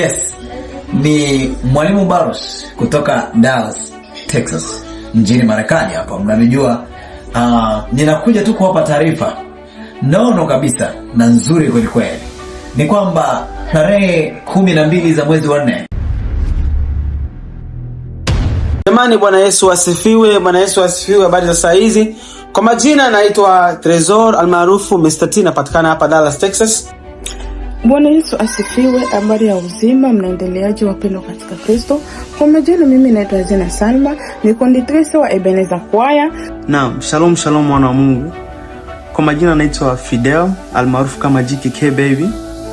Yes, ni mwalimu Barros kutoka Dallas, Texas nchini Marekani hapa mnanijua. Uh, ninakuja tu kuwapa taarifa nono kabisa na nzuri kwelikweli, ni kwamba tarehe kumi na mbili za mwezi wa nne Jamani, Bwana Yesu asifiwe! Bwana Yesu asifiwe! Habari za saa hizi? Kwa majina naitwa Tresor almaarufu Mr T, napatikana hapa Dallas, Texas. Bwana Yesu asifiwe. Habari ya uzima, mnaendeleaje wapendwa katika Kristo? Kwa majina, mimi naitwa Hazina Salma, ni konditrisa wa Ebeneza Kwaya. Naam, shalom shalom, mwana wa Mungu. Kwa majina naitwa Fidel almaarufu kama JKK Baby.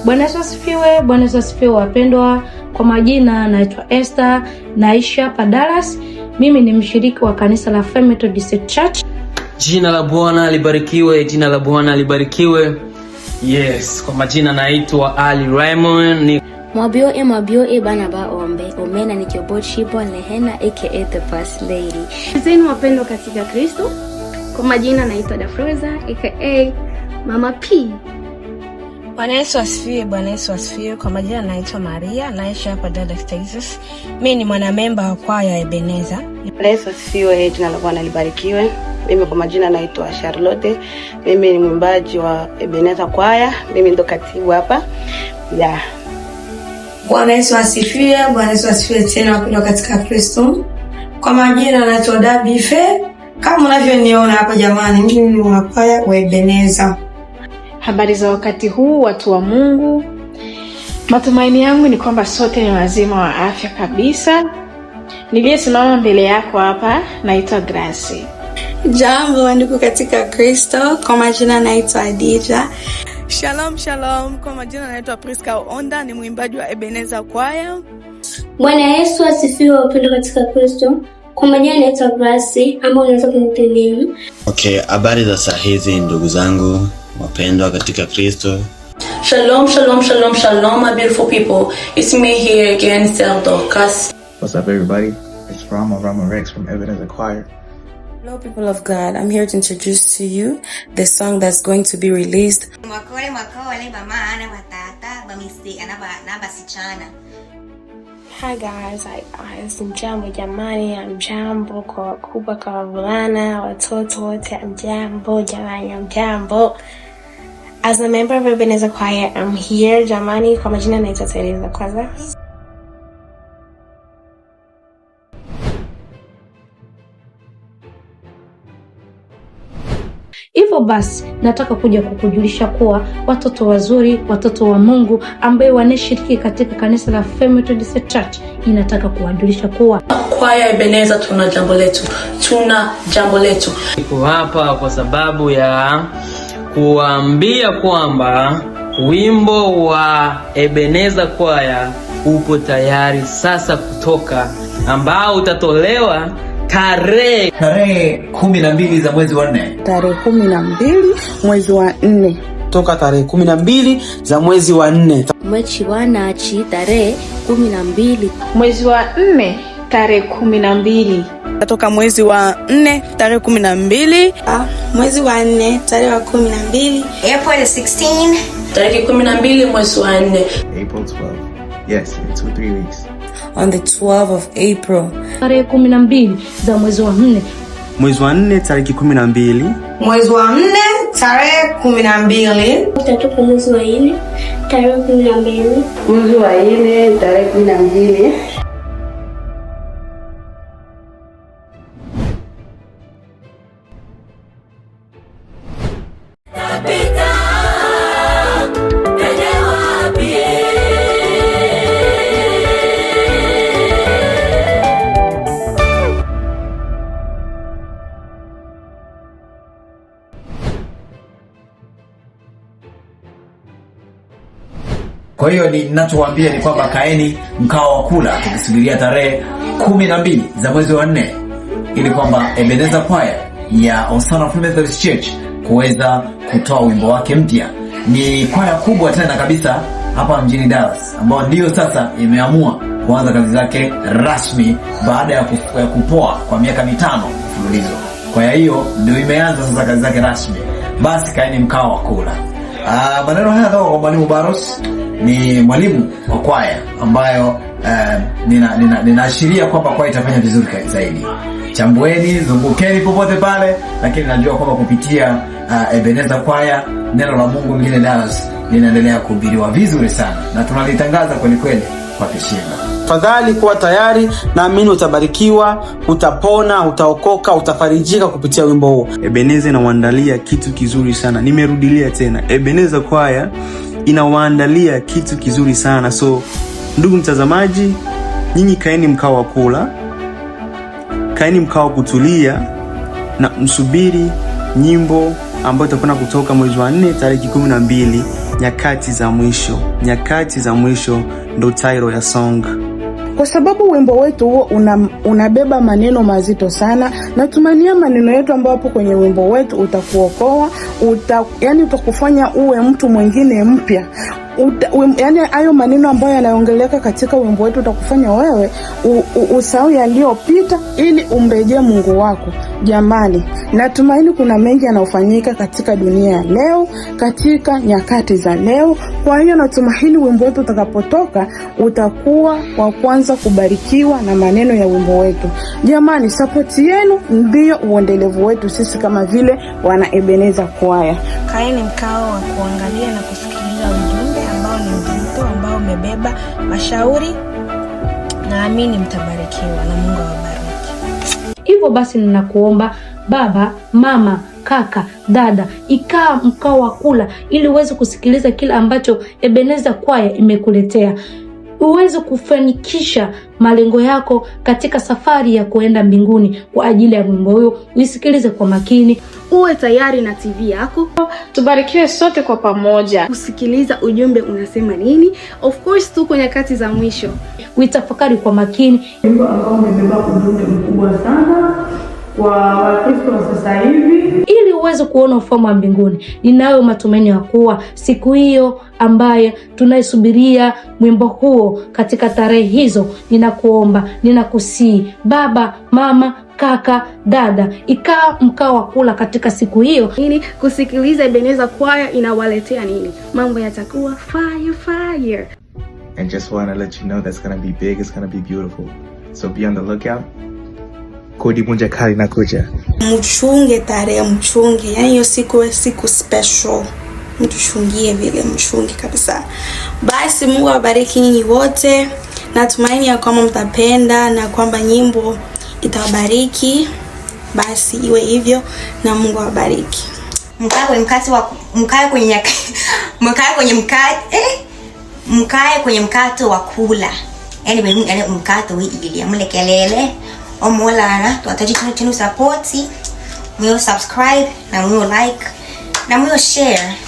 Bwana Yesu asifiwe. Bwana Yesu asifiwe, wapendwa. Kwa majina naitwa Esther, naishi hapa Dallas. Mimi ni mshiriki wa kanisa la Methodist Church. Jina la Bwana libarikiwe, jina la Bwana libarikiwe. Yes, kwa majina naitwa Ali Raymond ni mwabio e, e bana ba ombe omena ni kiobochibo lehena aka the first lady zenu wapendwa katika Kristo. Kwa majina naitwa Dafroza aka Mama P Bwana Yesu asifiwe. Bwana Yesu asifiwe. Kwa majina naitwa Maria, naishi hapa Dallas, Texas. Mimi ni mwanamemba wa kwaya ya Ebeneza. Bwana Yesu asifiwe, jina la Bwana libarikiwe. Mimi kwa majina naitwa Charlotte, mimi ni mwimbaji wa Ebeneza kwaya, mimi ndo katibu hapa yeah. Bwana Yesu asifiwe. Bwana Yesu asifiwe tena wapendwa katika Kristo. Kwa majina naitwa Dabife, kama unavyoniona hapa jamani, mimi ni mwanakwaya wa Ebeneza. Habari za wakati huu, watu wa Mungu. Matumaini yangu ni kwamba sote ni wazima wa afya kabisa. Niliyesimama mbele yako hapa naitwa Grace. Jambo andiko katika Kristo, kwa majina naitwa Adija. Shalom shalom, kwa majina naitwa Priska Onda, ni mwimbaji wa Ebeneza Kwaya. Bwana Yesu asifiwe, upendo katika Kristo. Kwa majina naitwa Grace, ambao unaweza kunipelea. Okay, habari za saa hizi ndugu zangu. wapendwa katika Kristo. Shalom, shalom, shalom, shalom, my beautiful people. It's me here again, Sel Dorcas. What's up, everybody? It's Rama Rama Rex from Evidence Acquired. Hello, people of God. I'm here to introduce to you the song that's going to be released. Hi guys, Jambo jamani, I'm Jambo wakubwa, kwa wavulana, watoto wote, Jambo jamani, Jambo. As a member of Ebenezer Choir, I'm here. Jamani, kwa majina naitwa Tereza kwanza. Hivyo basi nataka kuja kukujulisha kuwa watoto wazuri, watoto wa Mungu ambaye wanashiriki katika kanisa la Family Methodist Church, inataka kuwajulisha kuwa kwaya Ebeneza tuna jambo letu, tuna jambo letu. Niko hapa kwa sababu ya kuambia kwamba wimbo wa Ebeneza kwaya upo tayari sasa kutoka, ambao utatolewa tarehe tarehe kumi na mbili za mwezi wa nne tarehe kumi na mbili mwezi wa nne toka tarehe kumi na mbili za mwezi wa nne mwechi wanachi tarehe kumi na mbili mwezi wa nne tarehe kumi na mbili natoka mwezi wa nne tarehe kumi na mbili ah, mwezi wa nne tarehe wa kumi na mbili April 16 tarehe kumi na mbili mwezi wa nne April 12 yes in two three weeks on the 12 of April tarehe kumi na mbili za mwezi wa nne mwezi wa nne tarehe kumi na mbili mwezi wa nne tarehe kumi na mbili tatoka mwezi wa nne tarehe kumi na mbili mwezi wa nne tarehe kumi na mbili Kwa hiyo ninachowaambia ni kwamba kaeni mkao wa kula, tukisubiria tarehe kumi na mbili za mwezi wa nne ili kwamba Ebenezer Choir ya Osana of Methodist Church kuweza kutoa wimbo wake mpya. Ni kwaya kubwa tena kabisa hapa mjini Dallas ambayo ndiyo sasa imeamua kuanza kazi zake rasmi baada ya kupoa kwa miaka mitano mfululizo. Kwaya hiyo ndio imeanza sasa kazi zake rasmi. Basi kaeni mkao wa kula. Ah, maneno haya kwa Mwalimu Baros ni mwalimu wa kwaya ambayo eh, ninaashiria nina, nina kwamba kwaya itafanya vizuri zaidi. Chambueni, zungukeni popote pale, lakini najua kwamba kupitia uh, Ebeneza kwaya neno la Mungu mjini Dallas linaendelea kuhubiriwa vizuri sana na tunalitangaza kwelikweli kwa kishindo. Tafadhali kuwa tayari, naamini utabarikiwa, utapona, utaokoka, utafarijika kupitia wimbo huu. Ebeneza inauandalia kitu kizuri sana. Nimerudilia tena, Ebeneza kwaya inawaandalia kitu kizuri sana. So ndugu mtazamaji, nyinyi kaeni mkao wa kula, kaeni mkao wa kutulia na msubiri nyimbo ambayo itakwenda kutoka mwezi wa nne tarehe kumi na mbili, nyakati za mwisho. Nyakati za mwisho ndo title ya song kwa sababu wimbo wetu huo una, unabeba maneno mazito sana. Natumania maneno yetu ambayo hapo kwenye wimbo wetu utakuokoa uta, yani utakufanya uwe mtu mwingine mpya yani hayo maneno ambayo yanaongeleka katika wimbo wetu utakufanya wewe usahau yaliyopita ili umrejee Mungu wako. Jamani, natumaini kuna mengi yanayofanyika katika dunia ya leo, katika nyakati za leo. Kwa hiyo natumaini wimbo wetu utakapotoka utakuwa wa kwanza kubarikiwa na maneno ya wimbo wetu. Jamani, sapoti yenu ndiyo uendelevu wetu sisi kama vile wana Ebeneza Kwaya. Kaeni mkao wa kuangalia na kusikiliza wimbo nimebeba mashauri, naamini mtabarikiwa na Mungu awabariki. Hivyo basi ninakuomba baba, mama kaka dada, ikaa mkao wa kula ili uweze kusikiliza kile ambacho Ebeneza kwaya imekuletea uweze kufanikisha malengo yako katika safari ya kuenda mbinguni. Kwa ajili ya wimbo huyo, uisikilize kwa makini, uwe tayari na TV yako. Tubarikiwe sote kwa pamoja kusikiliza ujumbe unasema nini. Of course, tuko nyakati za mwisho, uitafakari kwa makini. Wimbo ambao umebeba ujumbe mkubwa sana kwa Wakristo wa sasa hivi uweze kuona ufalme wa mbinguni. Ninayo matumaini ya kuwa siku hiyo ambaye tunaisubiria mwimbo huo katika tarehe hizo, ninakuomba, ninakusii baba, mama kaka dada, ikaa mkao wa kula katika siku hiyo ili kusikiliza Ebeneza kwaya inawaletea nini. Mambo yatakuwa fire fire, and just wanna let you know that's gonna be big, it's gonna be beautiful, so be on the lookout kodi moja kali inakuja, mchunge tarehe, mchunge yani hiyo siku we siku special mtuchungie vile, mchungi kabisa. Basi Mungu awabariki nyinyi wote, natumaini ya kwamba mtapenda na kwamba nyimbo itawabariki. Basi iwe hivyo na Mungu awabariki. Mkae kwenye mkate wa mkae kwenye mkae kwenye mkate eh, mkae kwenye mkato wa kula, yani mkato hii ili amle kelele omolara twataji chino chenu support mwiyo subscribe na mwiyo like na mwiyo share